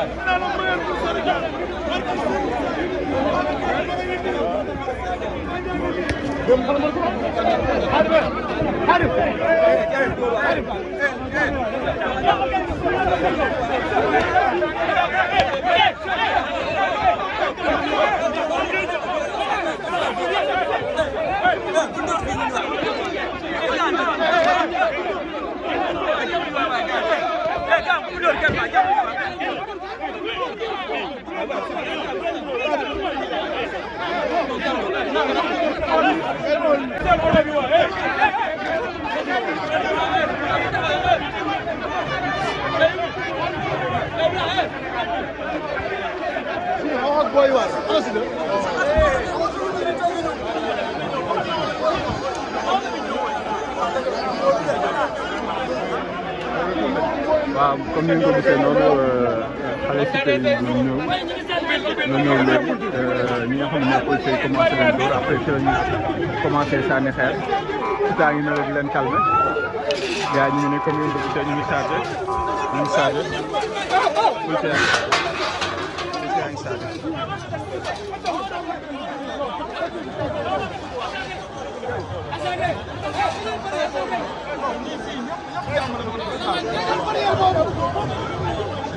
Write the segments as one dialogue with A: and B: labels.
A: Jangan mundur, jangan mundur. boy var. Anasını. waaw comme ni nga ko gisee noonu euh, cité yi ñoo ñëw ñoo ñëw léegi ñi nga xam ne mooy policiers yi commencé leen door après ci la ñu commencé sànni xeer taa ngi na rek leen calmé gars yi ñu ngi ne comme yéen policiers ñu ngi chargé ñu ngi chargé policiers policiers ngi chargé Thank you.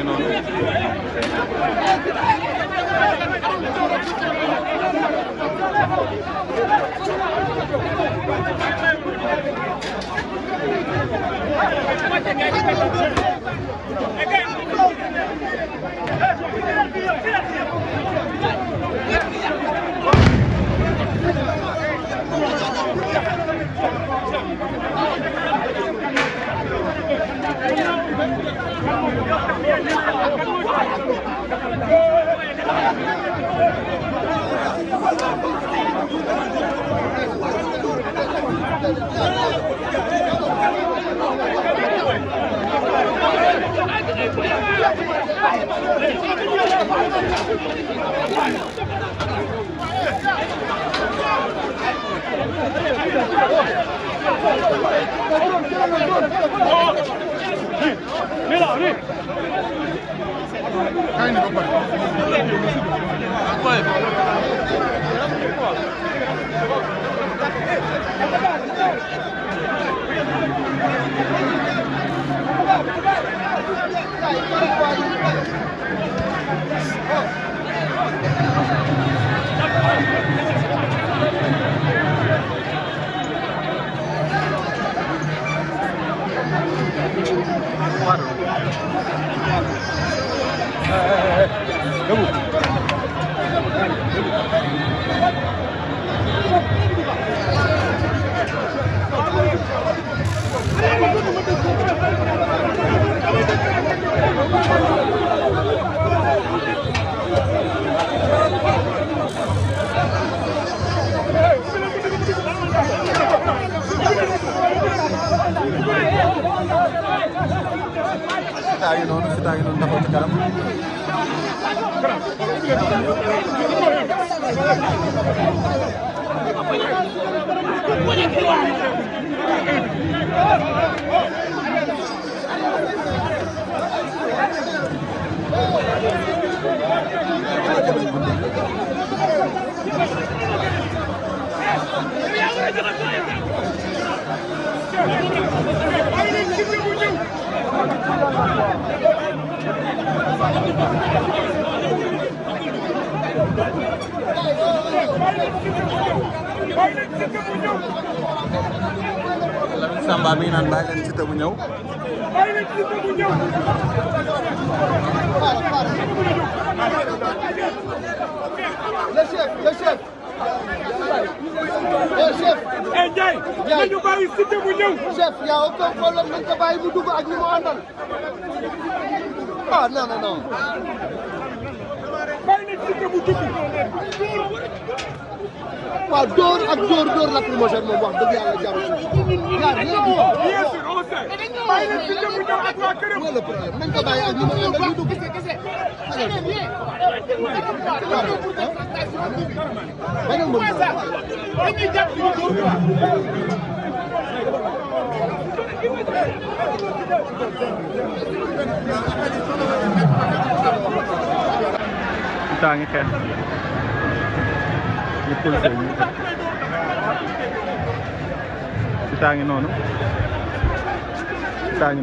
A: ngi noonu Keine Gruppe. combat mi ngi naan bàyyi leen Siteu bu ñëw. bàyyi leen Siteu bu ñëw. le chef le chef. le chef. eh Ndiaye. Ndiaye nañu bàyyi Siteu bu ñëw. chef y' a aucun problème nañu ko bàyyi mu dugg ak ñi mu àndal. ah non non non. bàyyi leen Siteu bu dugg. waaw dóor ak dóor dóor lacrymogène moom wax dëgg yàlla jarul nañ ko bàyyi ak ñu mën a àndal ñu dugg bañal moom dañuy jàpp ñu dóor taa ngi xeex ñu police ngi noonu sitaa ngi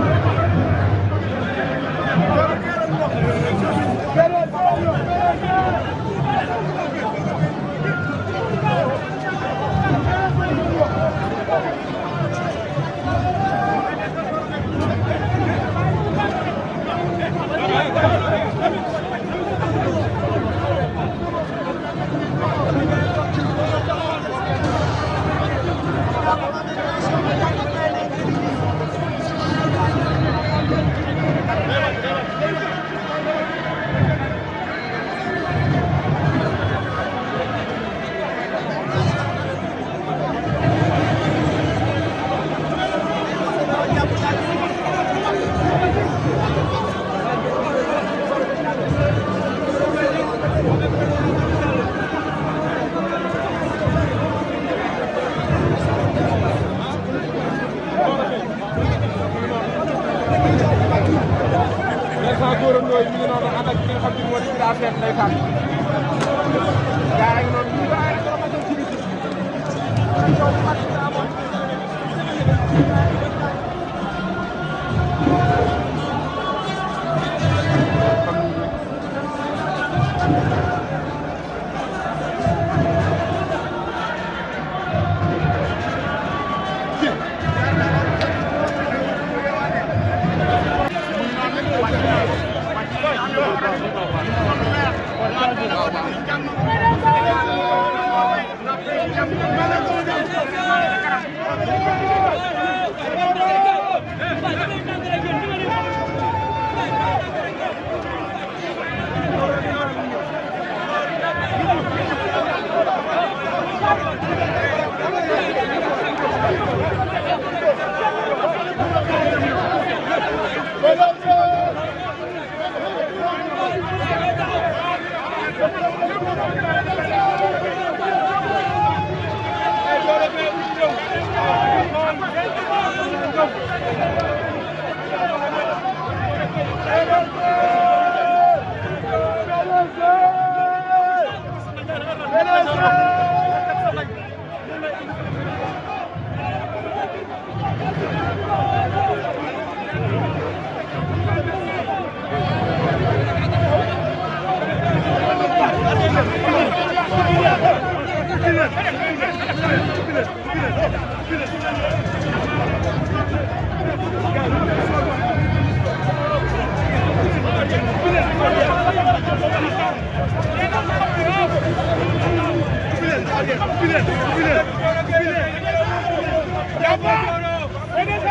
A: Moussa Gora Ndoye mi ngi noonu ànd ak ki nga xam ne moo di Bira Sène ndeysaan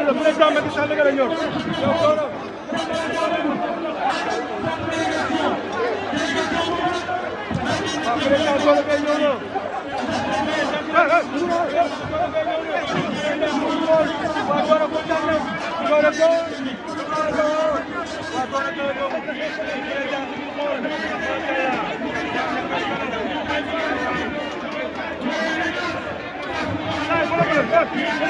A: le président Macky Sall nga la ñor Yeah.